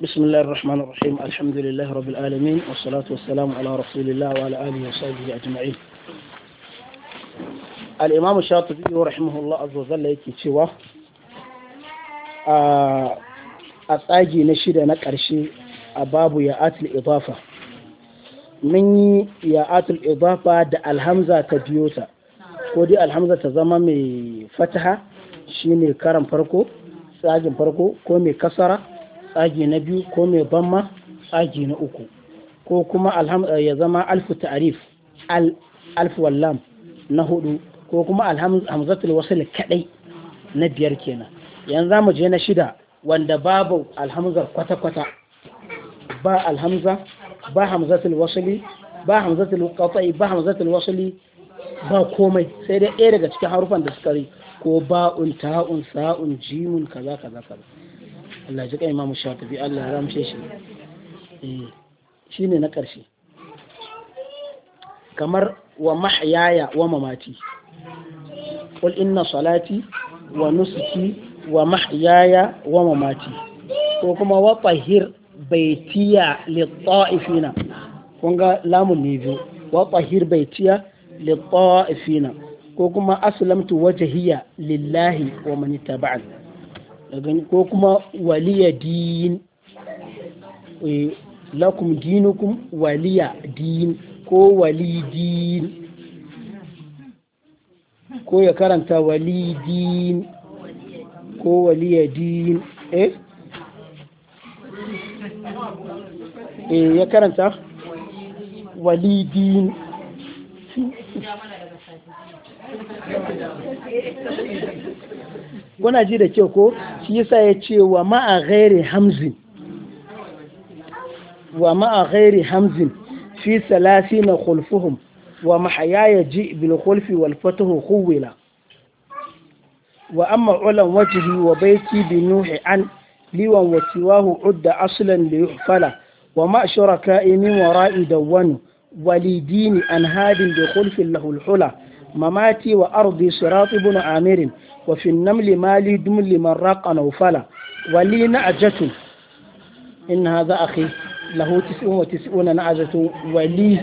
بسم الله الرحمن الرحيم الحمد لله رب العالمين والصلاة والسلام على رسول الله وعلى آله وصحبه أجمعين الإمام الشاطبي رحمه الله عز وجل yake cewa a tsagi na shida na ƙarshe a babu ya atul idafa mun yi ya atul idafa da alhamza ta biyo ta ko dai alhamza ta zama mai fataha shine karan farko tsagin farko ko mai kasara tsagi na biyu ko mai bamma tsagi na uku ko kuma eh, ya zama alfu ta'arif alfu wallam na hudu ko kuma alhamzatul wasl kadai na biyar kenan yanzu za mu je na shida wanda babu alhamzar kwata-kwata ba alhamza ba hamzatul wasili ba hamzatul qata'i ba hamzatul wasli ba komai sai dai ɗaya daga cikin harufan da suka yi ko un sa un jimun kaza kaza kaza Allah ji kan Imam Shafi'i Allah ya ramshe shi eh, shi ne na ƙarshe kamar wa mahyaya wa mamati qul inna salati wa nusuki wa mahyaya wa mamati ko kuma wa tahir baitiya li taifina kun ga lamun ne biyu wa tahir baitiya li taifina ko kuma aslamtu wajhiya lillahi wa man ittaba'ani ko kuma waliya din eh, lakum dinukum waliya din ko wali din ko ya karanta wali din ko waliya din eh eh ya karanta wali din kuna ji da kyau ko shi yasa ya ce wa ma'a ghairi hamzin wa ma'a ghairi hamzin fi salasi na khulfuhum wa mahaya ya ji bil khulfi wal fatahu khuwila wa amma ulan wajhi wa baiti bi nuhi an liwan wa siwahu udda aslan li yuhfala wa ma shuraka'i min wara'i dawwanu walidini an hadin bi khulfi lahu al hula مماتي وأرضي صراط بن عامر وفي النمل مالي دم لمن راق نوفلا ولي نعجة إن هذا أخي له تسع وتسعون نعجة ولي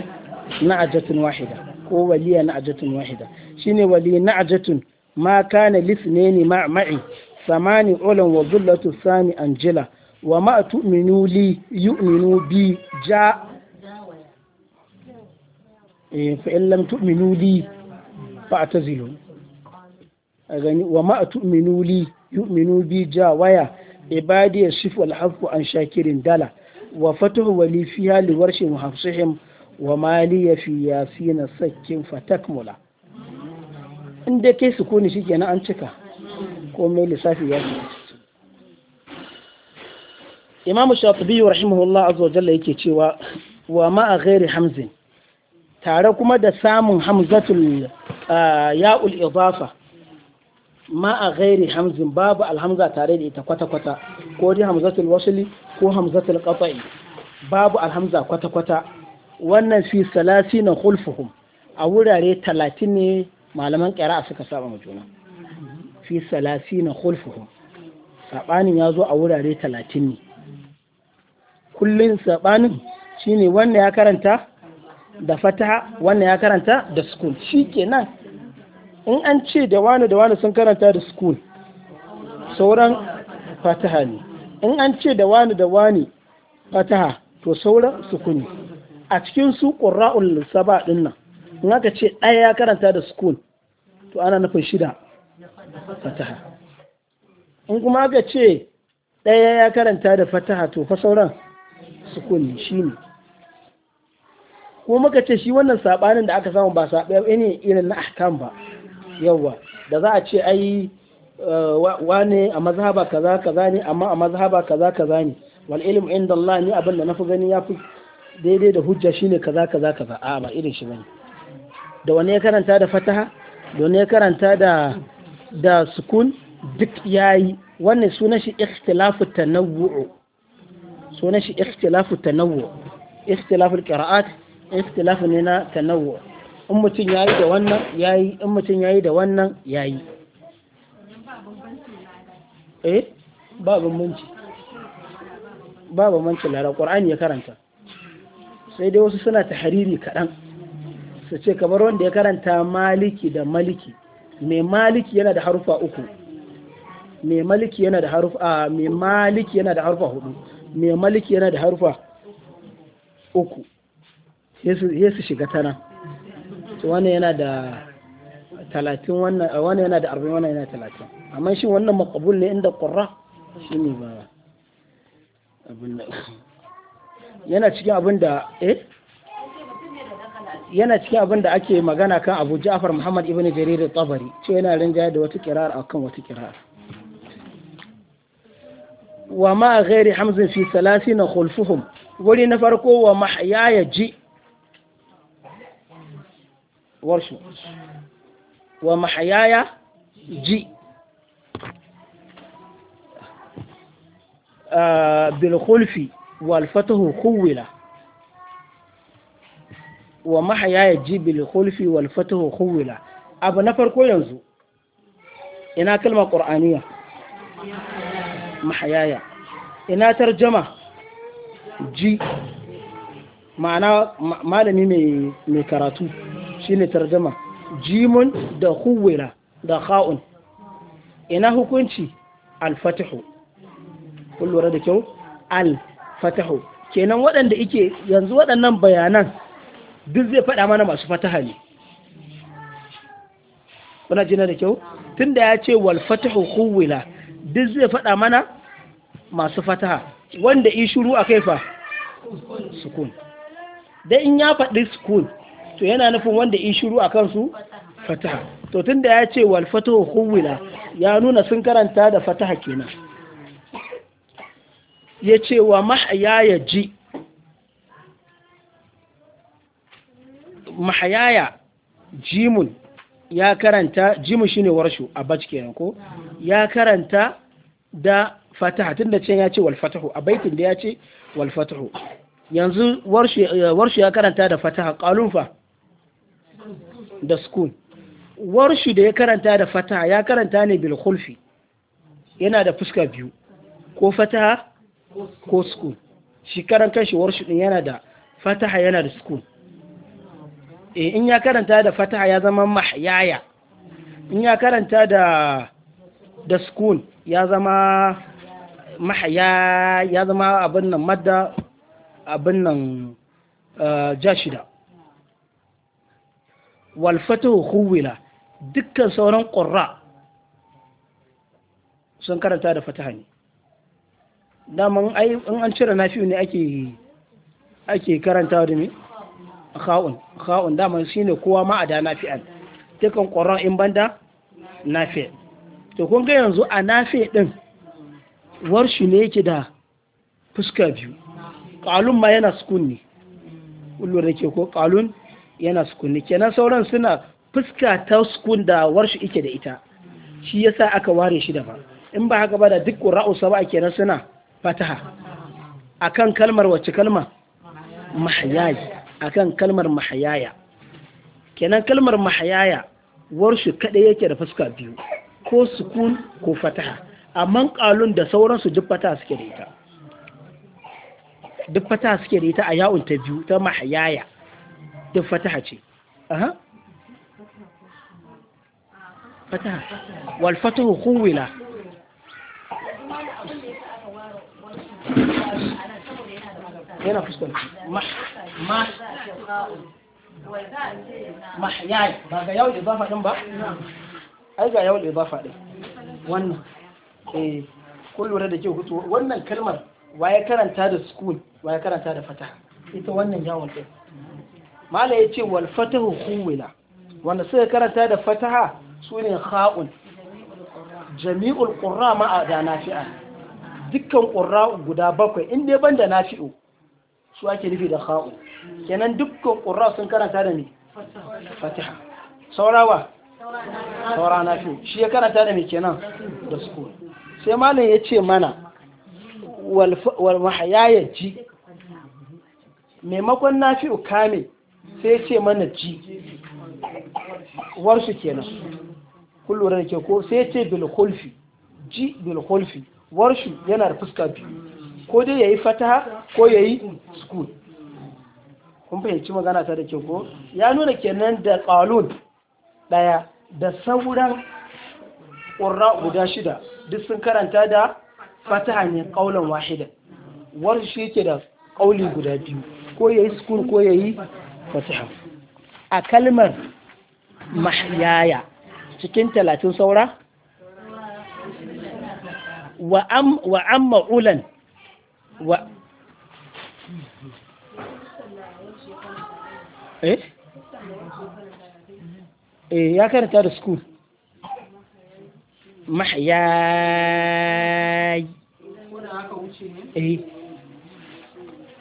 نعجة واحدة ولي نعجة واحدة شيني ولي نعجة ما كان لاثنين مع معي ثمان علا وظلة الثاني أنجلا وما تؤمنوا لي يؤمنوا بي جاء إيه، فإن لم تؤمنوا لي fa'tazilu a gani wa ma tu'minu li yu'minu bi jawaya ibadi yasif wal hafu an shakirin dala wa fatahu wa li fiha li warshi muhafsihim wa ma fi yasin sakkin fatakmula in dai kai sukuni shikenan an cika komai lissafi ya imam shafi rahimahullah azza wa jalla yake cewa wa a ghairi hamzin tare kuma da samun hamzatul ya'ul idafa ma a gairi hamzin babu alhamza tare da ita kwata-kwata ko dai hamzatul wasli ko hamzatul qata'i babu alhamza kwata-kwata wannan fi salasi na khulfuhum a wurare talatin ne malaman ƙira'a suka saba ma juna fi salasi na khulfuhum saɓanin ya zo a wurare talatin ne kullum saɓanin shine wanda ya karanta da fataha wannan ya karanta da ke shikenan in an ce da wani da wani sun karanta da school sauran fataha ne in an ce da wani da wani fataha to sauran sukuni a cikin su qurra'ul saba din nan in aka ce ɗaya ya karanta da school to ana nufin shida fataha in kuma aka ce ɗaya ya karanta da fataha to fa sauran sukuni shine ko muka ce shi wannan sabanin da aka samu ba saɓa ne irin na ahkam ba yawa da za a ce ai eh, wane a mazhaba kaza kaza ne amma a mazhaba kaza kaza ne wal ilmu inda Allah ni abin da na fi gani ya fi? daidai da hujja shine kaza kaza kaza a ba irin shi bane da wani ya karanta da fataha da wani ya karanta da da sukun duk yayi wannan sunan shi ikhtilafu tanawwu sunan shi ikhtilafu tanawwu ikhtilafu qira'at istilafu ne na tanawwu in mutum yayi da wannan yayi in mutum yayi da wannan yayi eh ba bambanci ba bambanci lara qur'ani ya karanta sai dai wasu suna tahriri kaɗan su ce kamar wanda ya karanta maliki da maliki mai maliki yana da harufa uku mai maliki yana da harufa mai maliki yana da harufa hudu mai maliki yana da harufa uku sai su shiga tana wani yana da talatin wani yana da arba'in wani yana talatin amma shi wannan makabul ne inda ƙurra shi ne ba yana cikin abin da eh yana cikin abin da ake magana kan abu ja'far muhammad ibn jarir tabari ce yana rinjaya da wata kirar akan wata kirar wa ma ghairi hamzin fi na khulfuhum wuri na farko wa mahyaya ji warshu wa mahayaya ji ah, bilkhulfi walfatahu fatahu khuwila wa mahayaya ji bilkhulfi wal fatahu abu na farko yanzu ina kalma qur'aniya mahayaya ina tarjama ji ma'ana malami mai karatu shine tarjama jimun da huwira da kha'un ina hukunci al-fatihu kun lura da kyau al kenan waɗanda ike yanzu waɗannan bayanan duk zai faɗa mana masu fataha ne kuna jina da kyau tunda ya ce wal fatihu huwila duk zai faɗa mana masu fataha wanda ishuru a kaifa sukun dan in ya faɗi sukun to yana nufin wanda yi shiru a kansu fataha to tunda ya ce wal fatahu khuwila ya nuna sun karanta da fataha kenan ya ce wa mahayaya ji mahayaya jimun ya karanta jimun shine warshu a bac kenan ko ya karanta da fataha tunda can ya ce wal fatahu a baitin da ya ce wal fatahu yanzu warshu ya karanta da fataha qalun fa da sukun warshu da ya karanta da fataha ya karanta ne bil yana da fuska biyu ko fataha ko sukun shi karan kanshi warshu din yana da fataha yana da sukun e eh, in ya karanta da fataha ya zama mahyaya in ya karanta da da sukun ya zama mahaya ya zama abin nan madda abin nan eh, ja wal huwila dukkan sauran ƙorra sun karanta da fataha ne daman in an cire nafi'u ne ake karanta karantawa da me kha'un kha'un daman shine kowa ma a da dukkan ƙorra in banda nafi' to kun ga yanzu a nafi' din warshi ne yake da fuska biyu ƙalun ma yana sukun ne kullum da ke ko ƙalun yana sukunni kenan sauran suna fuska ta sukun da warshi ike da ita shi yasa aka ware shi daban in ba haka ba da duk qura'u saba kenan suna fataha akan kalmar wacce kalma mahyayi akan kalmar mahayaya kenan kalmar mahayaya warshi kada yake da fuska biyu ko sukun ko fataha amma kalun da sauran su duk fataha suke da ita duk fataha suke da ita a yawunta biyu ta mahayaya دف فتحة شيء أها فتحة والفتح خولة هنا في السنة مح مح مح ياي بقى يو الإضافة كم بقى أجا يو الإضافة ده وان إيه كل ورد جو قلت وان الكلمة ويا كان تاد السكون ويا كان تاد فتح إذا وان جاول ده mala ya ce wal fatahu huwila wanda suka karanta da fataha su ne ha'un jami'ul ƙurra ma'a da nafi'a dukkan ƙura guda bakwai in dai ban da nafi'u su ake nufi da ha'u kenan dukkan ƙura sun karanta da ne fataha saurawa saura nafi'u shi ya karanta da ni kenan da su sai malam ya ce mana wal mahayayaji maimakon nafi'u kamil sai ce mana ji warsu kenan kun da ke ko sai ce bilhulfi ji bilhulfi warshu yana da fuska biyu ko dai ya yi fataha ko ya yi skul kun fahimci magana ta da ke ko ya nuna kenan da kalun ɗaya da sauran ƙurra guda shida duk sun karanta da fataha ne ƙaunar wahida warshu yake da ƙauli guda biyu ko ya yi skul ko ya yi fatiha a kalmar mahyaya cikin talatin saura wa an ma'ulan wa eh? eh ya karanta da school mahyaya eh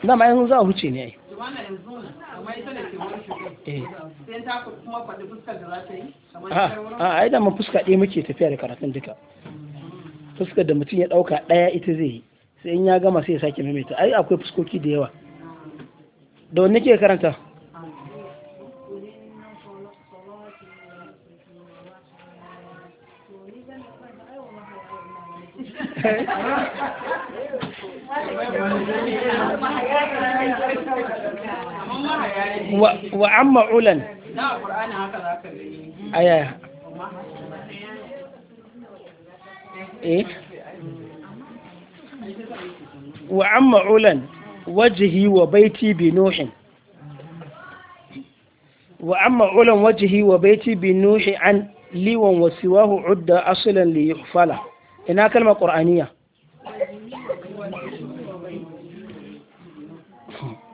na yanzu za a huce ne ai a eh. ah, ah, ai da mun fuska ɗaya muke tafiya da karatun duka fuskar da mutum ya ɗauka ɗaya ita zai yi sai in ya gama sai ya sake maimaita ai akwai fuskoki da yawa da wanne ke karanta وعما علا أيا إيه علا وجهي وبيتي بنوح وعما علا وجهي وبيتي بنوح عن لي وسواه عد أصلا ليحفله هنا كلمة قرآنية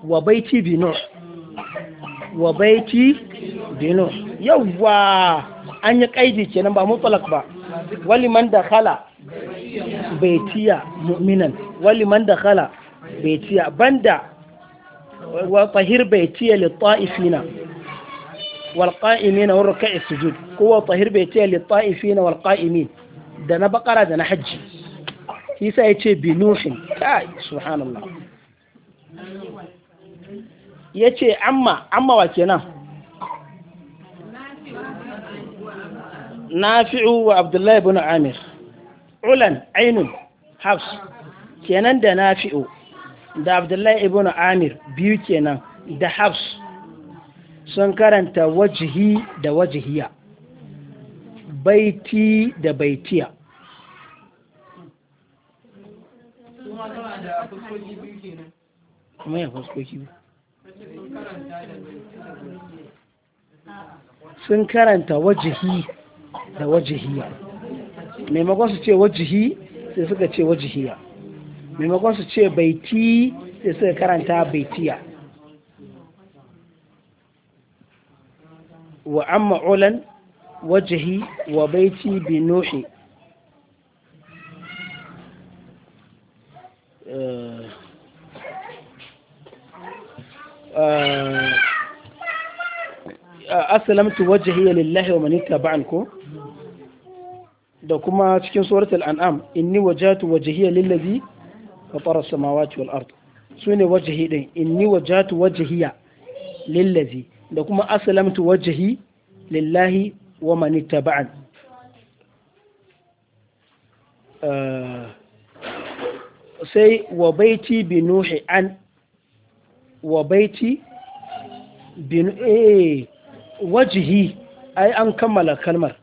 وبيتي بنوح wa baiti dino yawwa an yi kaidi kenan ba mutsalak ba wali man dakhala baitiya mu'minan wali man dakhala baitiya banda wa tahir baitiya li taifina wal-qa'imina wa ruk'i sujud kuwa tahir baitiya li taifina wal-qa'imin da na bakara da na hajji isa yace bi nuhin subhanallah ya ce amma amma wa kenan nafi'u wa abdullahi bin amir ulan ainun hafs kenan da nafi'u da abdullahi bin amir biyu kenan da hafs sun karanta wajihi da wajihiya baiti da baitiya kuma ya fuskoki biyu sun karanta wajihi da wajihiya maimakon su ce wajihi sai suka ce wajihiya maimakon su ce baiti sai suka karanta baitiya wa amma ulan wajihi wa baiti bi nuhi eh, asalamtu wajhiya lillahi wa man ittaba'an ko da kuma cikin suratul an'am inni wajhatu wajhiya lillazi fatara samawati wal ard sune wajhi din inni wajhatu wajhiya lillazi da kuma asalamtu wajhi lillahi wa man ittaba'an sai wa baiti bi nuhi an wa baiti bin a eh, wajihi ai an kammala kalmar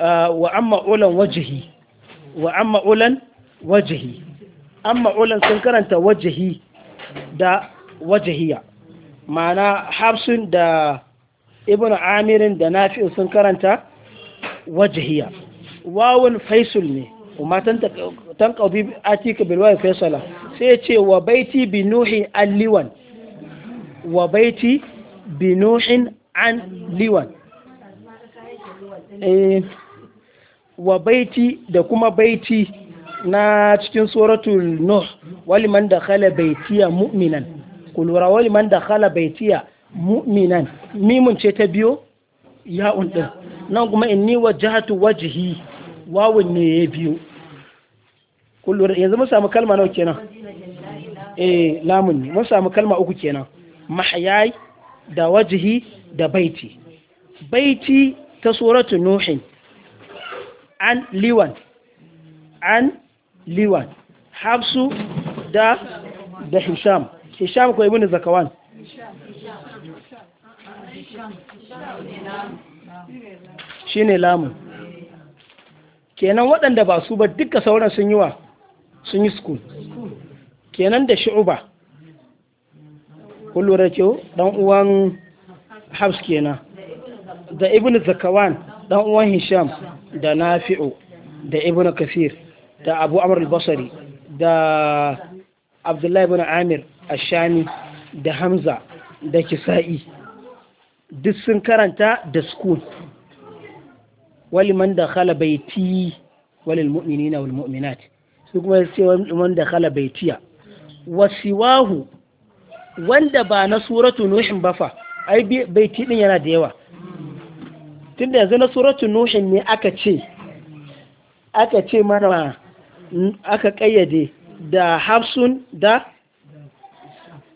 ah, wa amma ulan wajihi wa amma ulan wajihi amma ulan sun karanta wajihi da wajihiya ma'ana hafsun da ibn amirin da nafi sun karanta wajihiya wawun faisul ne وما تنقضي آتيك بالواي فيصلا سيتي وبيتي بنوح اللوان وبيتي بنوح binuhin an liwan, eh, wa baiti da kuma baiti na cikin suratul nuh wali man da dakhala baitiya mu'minan kulura wali man da dakhala baitiya mu'minan mimun ce ta biyo ya din nan kuma in ni wajhatu wajhi wawun ne ya biyo kullum yanzu mun samu kalma nawa kenan eh lamun mun samu kalma uku kenan mahyai da wajhi da baiti baiti ta suratu nuhin an liwan an liwan hafsu da da hisham hisham ko ibnu zakawan shine lamun kenan waɗanda ba su ba duka sauran sun yi wa sun yi school kenan da shi'uba kullum da kyau dan uwan habs kenan da ibn zakawan dan uwan hisham da nafi'u da ibn kafir da abu amr al-basri da abdullahi ibn amir ashami da hamza da kisa'i duk sun karanta da school waliman da khala baiti walil mu'minina wal mu'minat su kuma sai wanda kala baitiya wasiwahu wanda ba na suratu nuhin ba fa ai baiti din yana da yawa tunda yanzu na suratu nuhin ne aka ce aka ce mana aka kayyade da hafsun da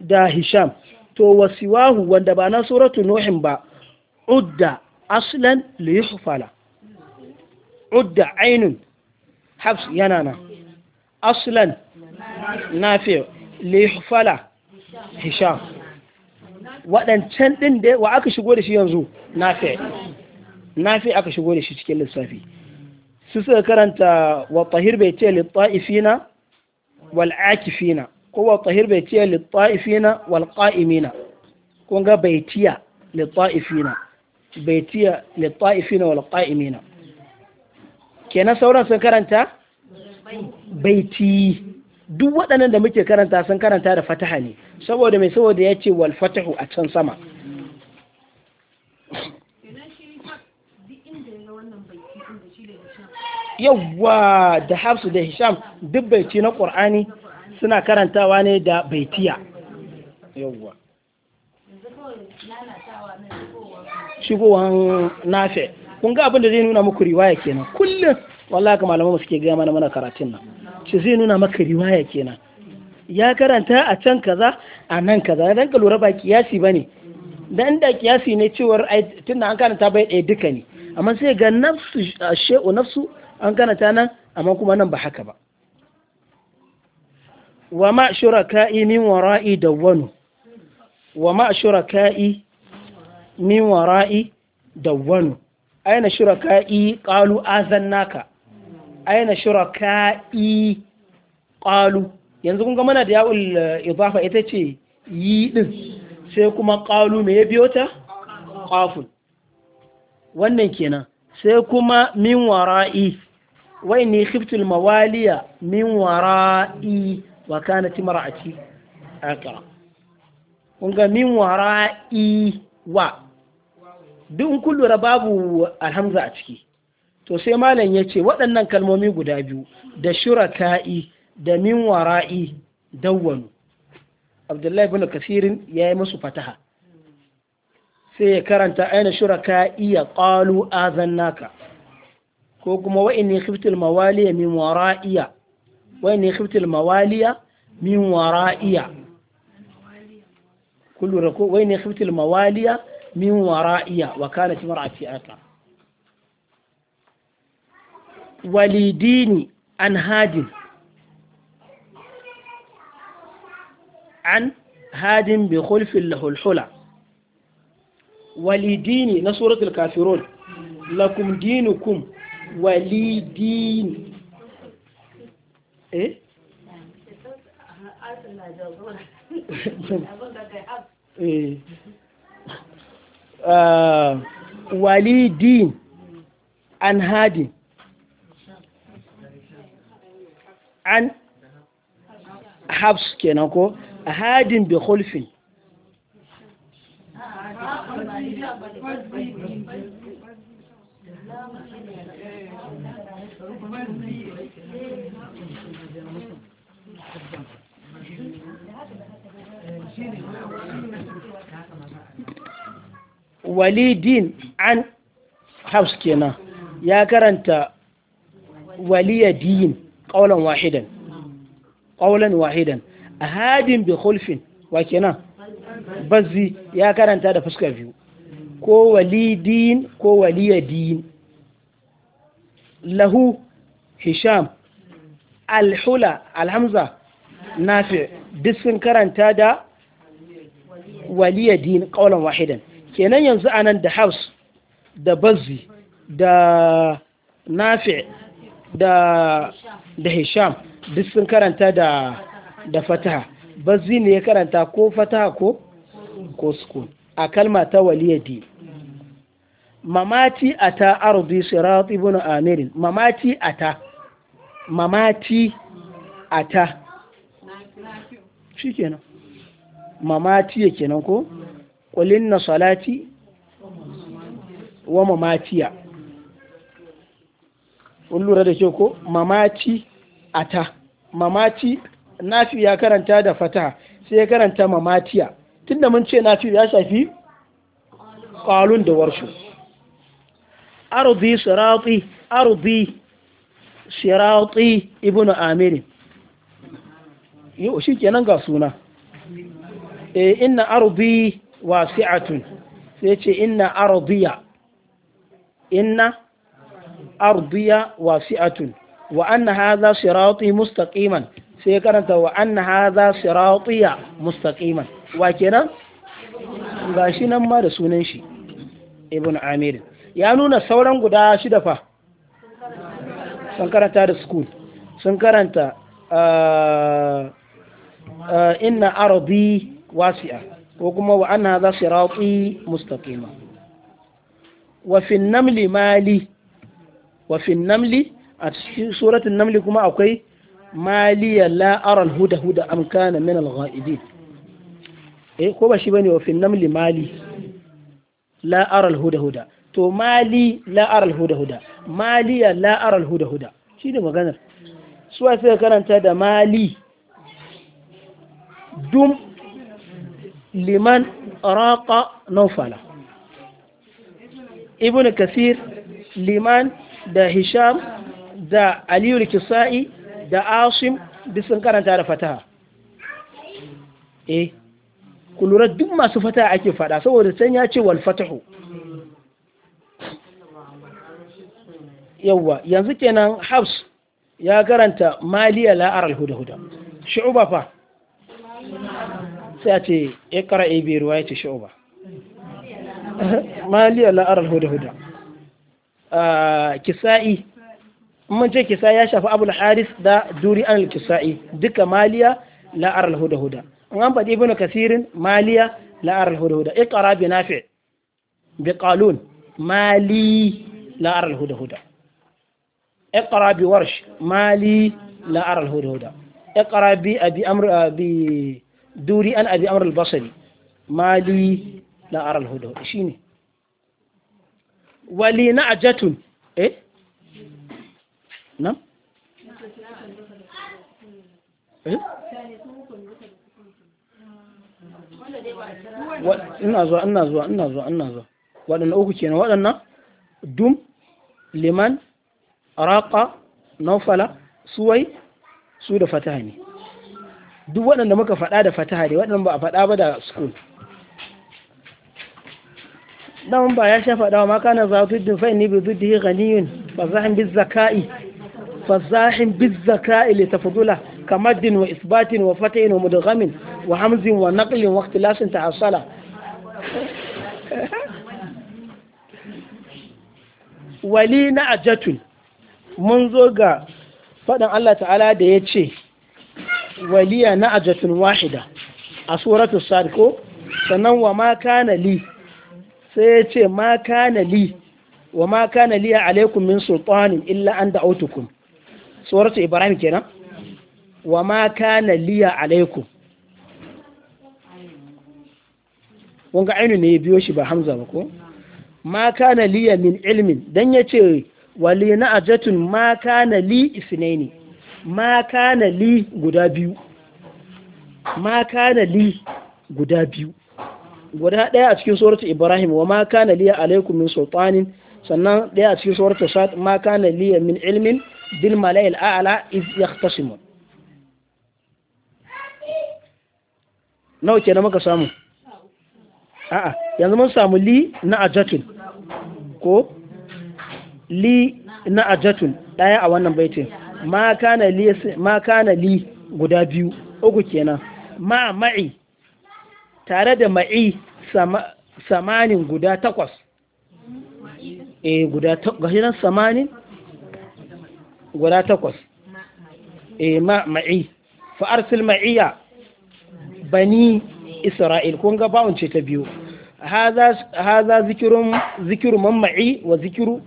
da hisham to wasiwahu wanda ba na suratu nuhin ba udda aslan liyuhfala udda ainun hafs yana nan aslan nafi lihfala hisham waɗancan ɗin da wa aka shigo da shi yanzu nafi nafi aka shigo da shi cikin lissafi su suka karanta wa tahir bai ce litta'ifina wal akifina ko wa tahir bai ce litta'ifina wal qa'imina kun ga baitiya litta'ifina baitiya litta'ifina wal qa'imina kenan sauran sun karanta baiti duk waɗannan da muke karanta sun karanta da fataha ne saboda mai saboda ya ce wal fatahu a can sama yawwa da hafsu da hisham duk baiti na ƙur'ani suna karantawa ne da baitiya yawwa shigowar nafe kun ga abin da zai nuna muku riwaya kenan kullum wallahi ka malaman suke gaya mana mana karatun nan shi zai nuna maka riwaya kenan ya karanta a can kaza a nan kaza dan ka lura ba kiyasi bane dan da kiyasi ne cewar tunda an karanta bai ɗaya duka ne amma sai ga nafsu Shehu nafsu an karanta nan amma kuma nan ba haka ba wa ma shuraka'i min wara'i dawwanu wa ma shuraka'i min wara'i dawwanu aina shuraka'i qalu azannaka aina shuraka'i qalu yanzu kun ga mana da ya'ul eh, idafa ita ce yi din sai kuma qalu me ya biyo ta qafun wannan kenan sai kuma min wara'i wa inni khiftu mawaliya min wara'i wa kanat imra'ati akra kun ga min wara'i wa duk kullu rababu babu alhamza a ciki to sai malam ya ce waɗannan kalmomi guda biyu da shuraka'i da min wara'i dawwalu abdullahi bin kasirin ya yi musu fataha sai ya karanta aina shuraka'i ya qalu azannaka ko kuma wa'in ne khiftul mawaliya min wara'iya wa'in ne khiftul mawaliya min wara'iya kullu rako wa'in ne khiftul mawaliya min wara'iya wa kanat mar'ati ata وليديني عن هادم عن هادم بخلف له الحلى وليديني نصورة الكافرون لكم دينكم وليدين ايه, إيه. آه، ولي دين عن هادي an habs kenan ko hadin bi khulfin walidin an habs kenan ya karanta waliyadin ƙaulan wahidan ƙaulan wahidan a hadin bi khulfin wa kenan ya karanta da fuska biyu ko walidin ko waliyadin lahu hisham alhula alhamza nafi duk sun karanta da waliyadin ƙaulan wahidan kenan yanzu anan da haus da bazzi da nafi da da hisham duk sun karanta da da fataha bazzi ne ya karanta ko fataha ko ko sukun a kalma ta waliyadi mamati ata ardi sirat ibn amir mamati ata mamati ata shikenan mamati kenan ko qulinna salati wa mamatiya kun lura da ke ko mamaci ta mamaci nafi ya karanta da fata sai ya karanta mamatiya tunda mun ce nafi ya shafi qalun da warshu arzi sirati arzi sirati ibnu amir yau kenan ga suna e eh, ina arzi wasi'atun sai ce ina arziya ina ardiya wasi'atun wa anna hadha sirati mustaqiman sai karanta wa anna hadha siratiya mustaqiman wa kenan gashi nan ma da sunan shi ibn amir ya nuna sauran guda shida fa sun karanta da school sun karanta ah, ah, inna ardi wasi'a ko kuma wa anna hadha sirati mustaqima wa fi namli mali wa fi namli a cikin namli kuma akwai maliya la aral huda huda am kana min al ghaibin eh ko ba shi bane wa fi namli mali la aral huda huda to mali la aral huda huda maliya la aral huda huda shine maganar su a suka karanta da mali dum liman raqa naufala ibn kasir liman da hisham da aliyu kisa'i da asim duk sun karanta da fataha eh ku lura duk masu fataha ake fada saboda can ya ce wal fatahu yawwa yanzu kenan habs ya karanta maliya la'ar alhuda-huda shu'uba fa sai a ce ya kara ibe ruwa ya ce shu'uba maliya la'ar alhuda-huda kisa'i mun ce kisa ya shafi abul haris da duri an kisa'i duka maliya la'ar al-huda huda an faɗi ibnu kasirin maliya la'ar al-huda huda iqra bi nafi bi qalun mali la'ar al-huda huda iqra bi warsh mali la'ar al-huda huda iqra bi abi amr bi duri an abi amr al-basri mali la'ar al-huda huda shine wali na ajatun eh nan eh? ina zuwa ina zuwa ina zuwa ina zuwa waɗannan uku kenan waɗannan dum liman raqa naufala suwai su da fataha ne duk waɗanda muka faɗa da fataha ne waɗanda ba a faɗa ba da sukun dan ba ya shafa dawa ma kana za tu din fa inni bi zuddihi ghaniyun fazahin biz zakai fazahin biz zakai li tafdula kamaddin wa isbatin wa fatain wa mudghamin wa hamzin wa naqlin wa ikhtilasin ta'assala wali na ajatun mun zo ga faɗin Allah ta'ala da ya ce waliya na ajatun wahida a suratul sarko sannan wa ma kana li sai ya ce ma kana li wa ma kana li alaikum min sultanin illa an da'utukum suratu ibrahim kenan wa ma kana li alaikum ga aini ne ya biyo shi ba hamza ba ko ma kana li min ilmin dan ya ce wali na ajatun ma kana li isnaini ma kana li guda biyu ma kana li guda biyu guda ɗaya a cikin suratu ibrahim wa ma kana liya alaikum min sultanin sannan ɗaya a cikin suratu sad ma kana liya min ilmin bil mala'il a'la iz yahtasimun nawa na muka samu a'a yanzu mun samu li na ajatun ko li na ajatun ɗaya a wannan baitin ma kana li ma kana li guda biyu uku kenan ma ma'i tare da ma'i samanin guda takwas eh guda gashi nan samanin guda takwas eh ma ma'i fa arsil ma'iya bani isra'il kun ga bawon ce ta biyu haza zikirun zikiru man ma'i wa zikiru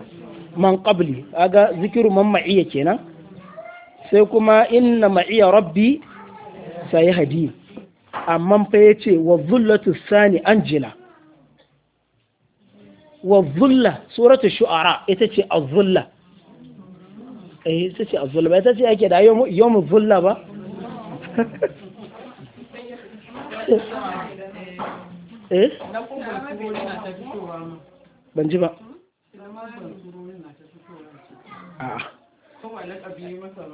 man qabli aga zikiru man ma'i kenan sai kuma inna ma'iya rabbi sai hadi amma fa ya ce wa zullatu sani jina. wa zulla suratu shu'ara ita ce a zulla eh ita ce a zulla ba ita ce ake da mu zulla ba eh ban ji ba a'a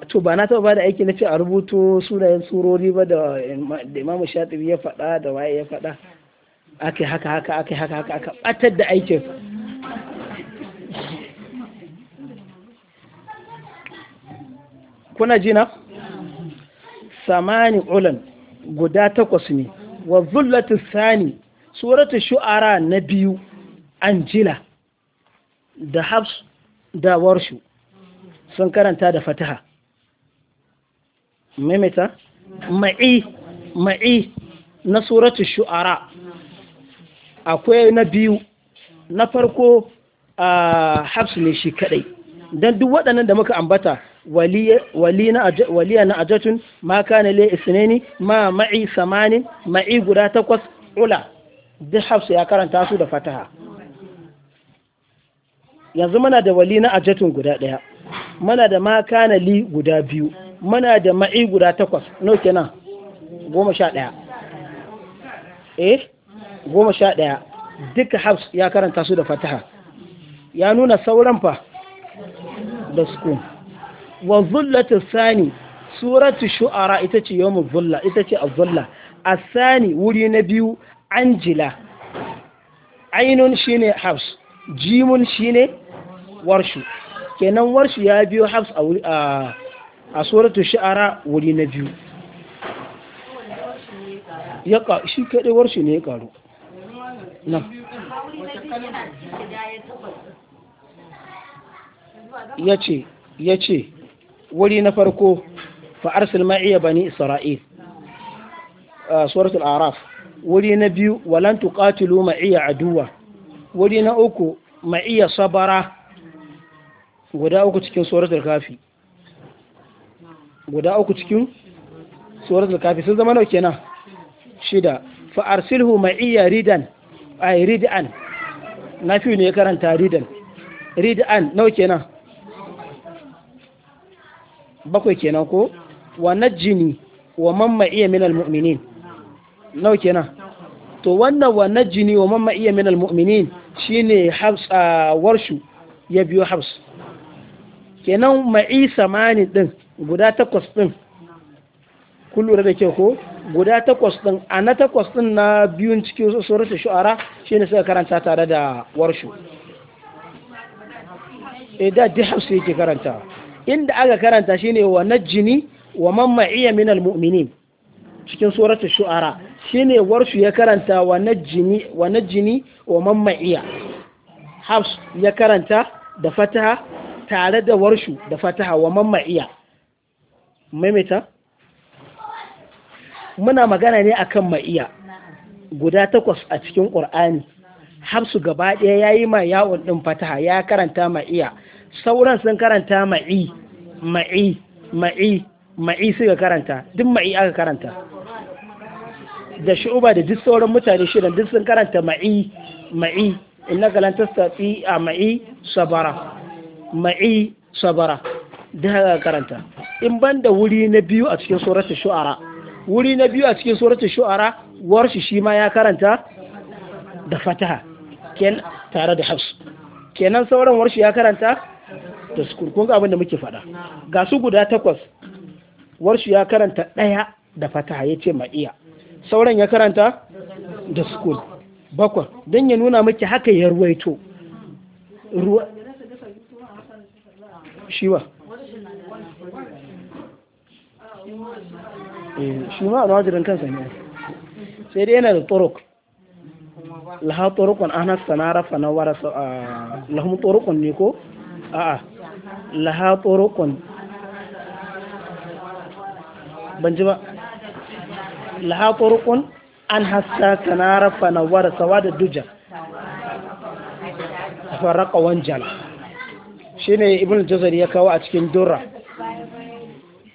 to ba na taɓa bada aiki na ce a rubuto sunayen surori ba da imamu shatibi ya faɗa da waye ya faɗa aka haka haka aka haka haka aka ɓatar da aikin kuna ji na samani ulan guda takwas ne wa zullatu sani suratu shu'ara na biyu anjila da habs da warshu sun karanta da fataha maimaita ma'i ma'i na suratun shu'ara akwai na biyu na farko a hafsu ne shi kadai Don duk waɗannan da muka ambata waliya na ajatun ma kana le isneni ma ma'i samanin ma'i guda takwas ula duk hafsu ya karanta su da fataha yanzu muna da wali na ajatun guda ɗaya mana da ma kana li guda biyu mana da ma'i guda takwas no kenan goma sha ɗaya eh goma sha ɗaya duka hafs ya karanta su da fataha ya nuna sauran fa da sukun wa zullatu sani suratu shu'ara ita ce yawmul zulla ita ce zulla sani wuri na biyu anjila ainun shine hafs jimun shine warshu kenan warshi ya biyo hafs a a suratul wuri na biyu ya ka shi kadai warshi ne ya ƙaru nan yace ce wuri na farko fa arsil ma'iya bani isra'il suratul araf wuri na biyu walan tuqatilu ma'iya aduwa wuri na uku ma'iya sabara guda uku cikin tsoratar kafi guda uku cikin tsoratar kafi sun zama nauke nan shida fa’ar silhu mai iya ridan a yi ridan na fi ne karanta ridan ridan nauke nan bakwai kenan ko wa jini wa man iya minal mu'minin nauke nan to wannan wa jini wa man iya minal mu'minin shine hafsa warshu ya biyo hafsa kenan ma'i samani din guda takwas din kun lura da ke ko guda takwas din a na takwas din na biyun cikin suratul shu'ara shine suka karanta tare da warshu idan eh, da duk hausa yake karanta inda aka karanta shine wa najini wa man ma'iya minal mu'minin cikin suratul shu'ara shine warshu ya karanta wa najini wa najjini wa man ma'iya hafs ya karanta da fataha tare da warshu da fataha wa mamma'iya maimaita muna magana ne akan ma'iya guda takwas a cikin ƙur'ani hafsu gaba ɗaya ya yi ma yawon ɗin fataha ya karanta ma'iya sauran sun karanta ma'i ma'i ma'i ma'i suka karanta duk ma'i aka karanta da shu'uba da duk sauran mutane shirin duk sun karanta ma'i ma'i ina galantar tafi a ma'i sabara ma'i sabara da karanta in ban da wuri na biyu a cikin suratul shu'ara wuri na biyu a cikin suratul shu'ara warshi shi ma ya karanta da fataha ken tare da hafs kenan sauran warshi ya karanta da sukur kun ga abin da muke faɗa ga su guda takwas warshi ya karanta ɗaya da fataha ya ce ma'iya sauran ya karanta da sukur bakwai don ya nuna muke haka ya ruwaito shi ba eh, shi ma na wajirin kansa ne sai dai yana da turuk laha turukun ana sanara fa na wara a ah, lahun turukun ne ko a'a laha turukun ban ji ba laha turukun an hasa sanara fa na wara sawa da duja farraqa jala shine ibn jazari ya kawo a cikin durra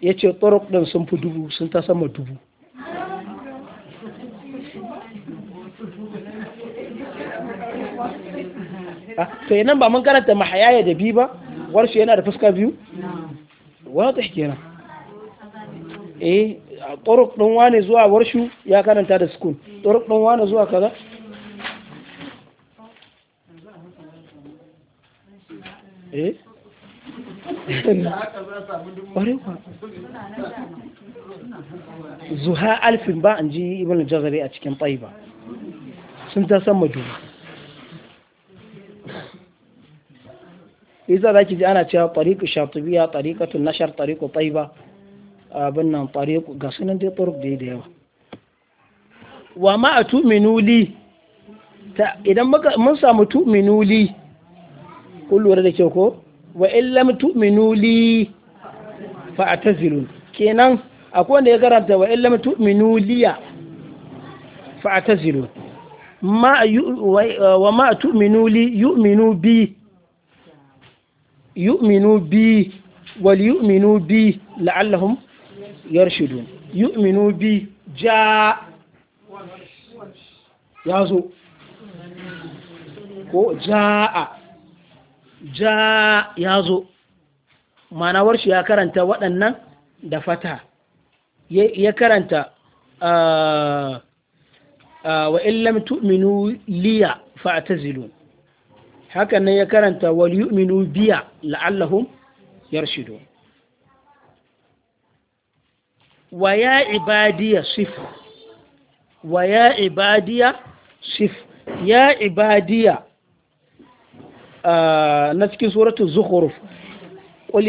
ya ce tsorok ɗin sun fi dubu sun ta sama dubu ah, to yi nan ba mun karanta mahayaya da bi ba warshe yana da fuska biyu ta shi eh tsorok ɗin wane zuwa warshu ya karanta da sukun tsorok ɗin wane zuwa kaza Eh? zuha alfin ba an ji ibn jazari a cikin tsayiba sun ta san majuna isa za ki ji ana cewa tariku shatubiya tarikatun nashar tariku tsayiba abin nan tariku ga sunan dai turuk da yawa wa ma a tu'minu li idan mun samu tu'minu li kun lura da ko wa in lam tu'minu li fa atazilun kenan akwai wanda ya garanta wa in lam tu'minu li fa atazilun ma wa ma tu'minu li yu'minu bi yu'minu bi wal yu'minu bi la'allahum yarshudun yu'minu bi ja zo ko ja'a ja ya zo manawar shi ya karanta waɗannan da fata ya karanta wa illam tu'minu liya fa'tazilun hakan nan ya karanta wal yu'minu biya la'allahum yarshidu wa ya ibadiya sif wa ya ibadiya sif ya ibadiya na cikin suratu zuhuruf ƙul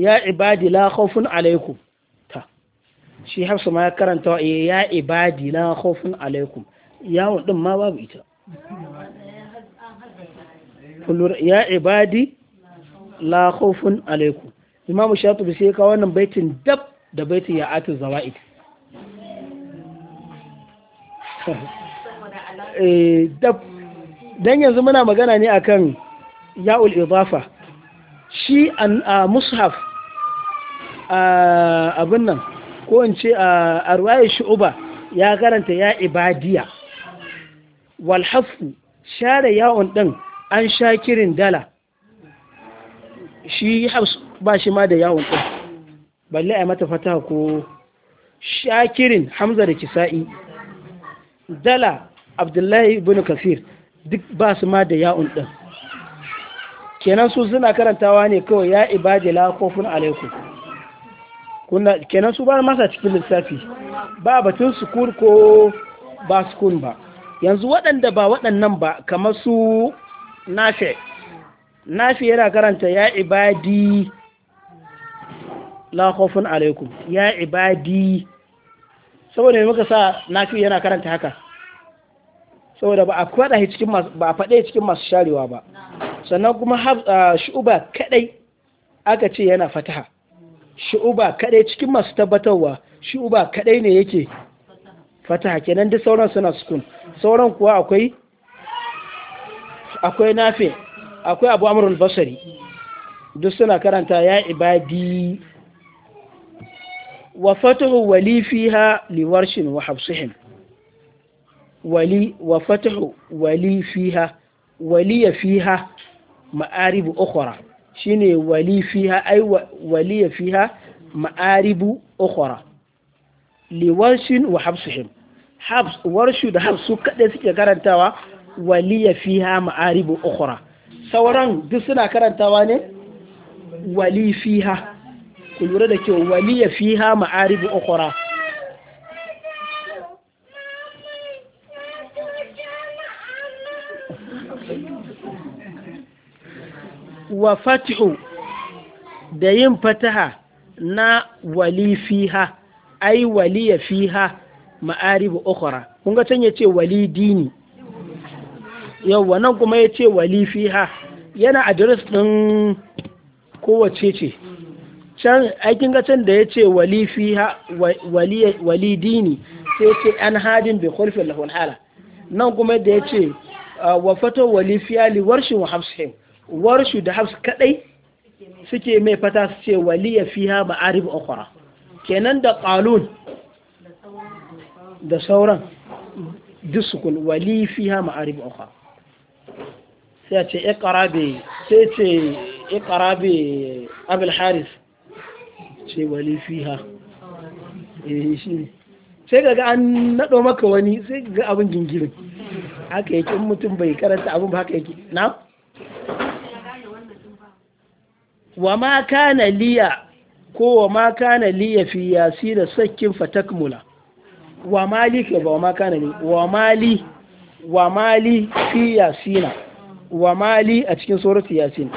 ya ibadi la khawfun alaikum ta shi hafsa ma ya karanta ya ibadi la khawfun alaikum yawon din ma babu ita ya ibadi la khawfun alaikum imamu shatibi sai kawo wannan baitin dab da baitin ya atu zawaid dab dan yanzu muna magana ne akan ya'ul idafa shi a mushaf abin nan ko in ce a ruwaye shu'uba ya karanta ya ibadiya Wal hafu share yawon ɗin an sha kirin dala shi hafs ba shi ma da yawon din balle a mata fata ko shakirin hamza da kisa'i dala abdullahi ibn kasir duk ba su ma da yawon ɗin kenan su suna karantawa ne kawai ya ibadi la khawfun alaikum kenan su ba masa cikin lissafi ba batun sukun ko ba sukun ba yanzu waɗanda ba waɗannan ba kamar su nafe nafe yana karanta ya ibadi la khawfun alaikum ya ibadi saboda muka sa nafi yana karanta haka saboda ba a faɗa ba a faɗe cikin masu sharewa ba sannan kuma shu'uba kadai aka ce yana fataha shu'uba kadai cikin masu tabbatarwa shu'uba kadai ne yake fataha kenan duk sauran suna sukun sauran kuwa akwai akwai nafi akwai abu amurin basari duk suna karanta ya ibadi wa fatahu wali fiha liwarshin wa habsihim wali wa fatahu wali fiha fiha ma'aribu ukhra shine wali fiha ay wali fiha ma'aribu ukhra liwarshin wa habsuhum habs warshu da habsu kade suke karantawa wali fiha ma'aribu ukhra sauran duk suna karantawa ne wali fiha ku lura da kyau wali fiha ma'aribu ukhra wa fati'u da yin fataha na wali fiha ai waliya fiha ma'aribu ukhra kun ga can yace wali dini yawa nan kuma yace wali fiha yana address din kowace ce can aikin ga can da yace wali fiha wali wali dini sai yace an hadin bi khulfi lahu nan kuma da yace ah, wa fatu wali fiha li warshi wa hafsihim warshu da hafs kadai suke mai fata su ce waliya fiha ma'arif ukhra kenan da qalun da sauran disukun wali fiha ma'arif ukhra sai ce iqra sai ce iqra bi abul haris ce wali fiha eh shi sai ga an nado maka wani sai ga abin jingirin haka yake mutum bai karanta abin ba haka yake na'am wa ma kana liya ko wa ma kana liya fi yasira da sakkin fatakmula wa mali ke ba wa ma kana ni wa mali wa mali fi yasina wa mali a cikin suratu yasin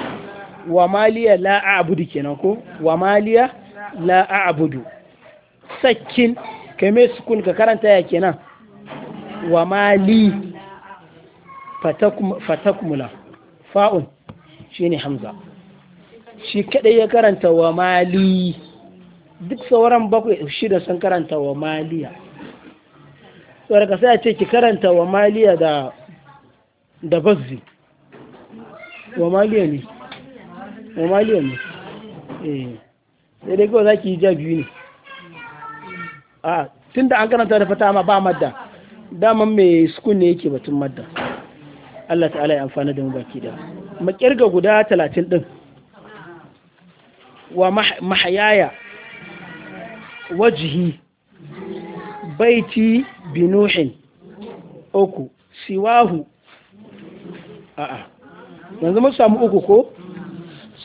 wa maliya la a'budu kenan ko wa maliya la a'budu sakkin kame sukun ka karanta ya kenan wa mali fatakmula fa'un shine hamza shi kadai ya karanta wa mali duk sauran bakwai shida sun karanta wa maliya ka sai a ce ki karanta wa maliya da da bazzi wa maliya ne wa maliya ne eh sai dai kawai za ki yi ja biyu ne a tun da an karanta da fata ma ba madda daman mai sukun ne yake batun madda Allah ta'ala ya amfana da mu baki da makirga guda talatin din wa mahayaya wajihi baiti binuhin uku siwahu a'a yanzu mun samu uku ko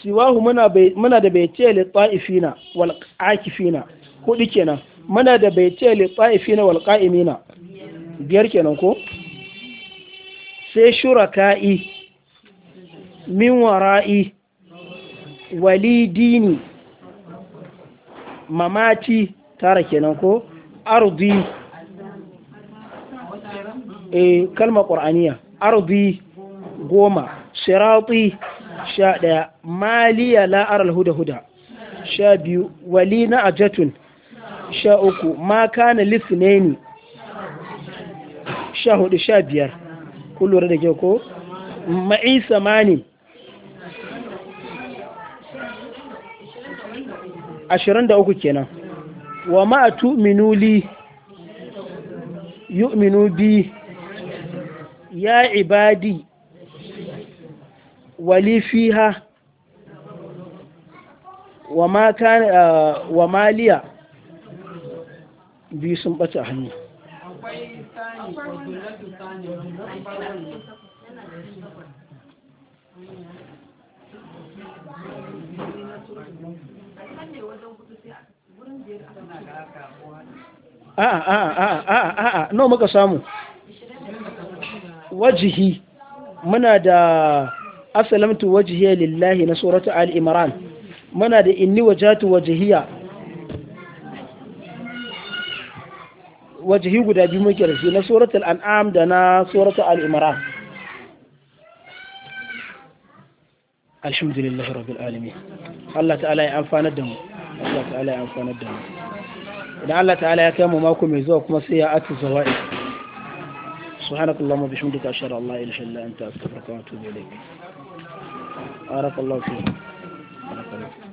siwahu muna da baiti li ta'ifina wal akifina hudu kenan muna da baiti li ta'ifina wal qa'imina biyar kenan ko sai shuraka'i min wara'i walidini mamati tara kenan ko ardi e eh, kalma qur'aniya ardi goma shirati sha ɗaya maliya la'aral huda-huda sha biyu wali na ajatun sha uku maka na lifineni sha hudu sha biyar kullum da ke ko ma'isa samanin ashirin da uku kenan wa ma tu'minu li yu'minu bi ya ibadi wali fiha wa ma kan uh, wa maliya bi sun bata hannu Thank you. a'a a'a a'a a'a no muka samu wajihi muna da asalamtu wajihiya lillahi na suratu al-imran muna da inni wajatu wajihiya wajihi guda biyu muke da shi na suratul an'am da na suratul al-imran alhamdulillahi rabbil alamin Allah ta'ala ya amfanar da mu Allah ta'ala ya amfanar da mu idan Allah ta'ala ya kai mu mako mai zuwa kuma sai ya atu zawai subhanakallahumma bihamdika ashhadu an la ilaha illa anta astaghfiruka wa atubu ilayk barakallahu fiik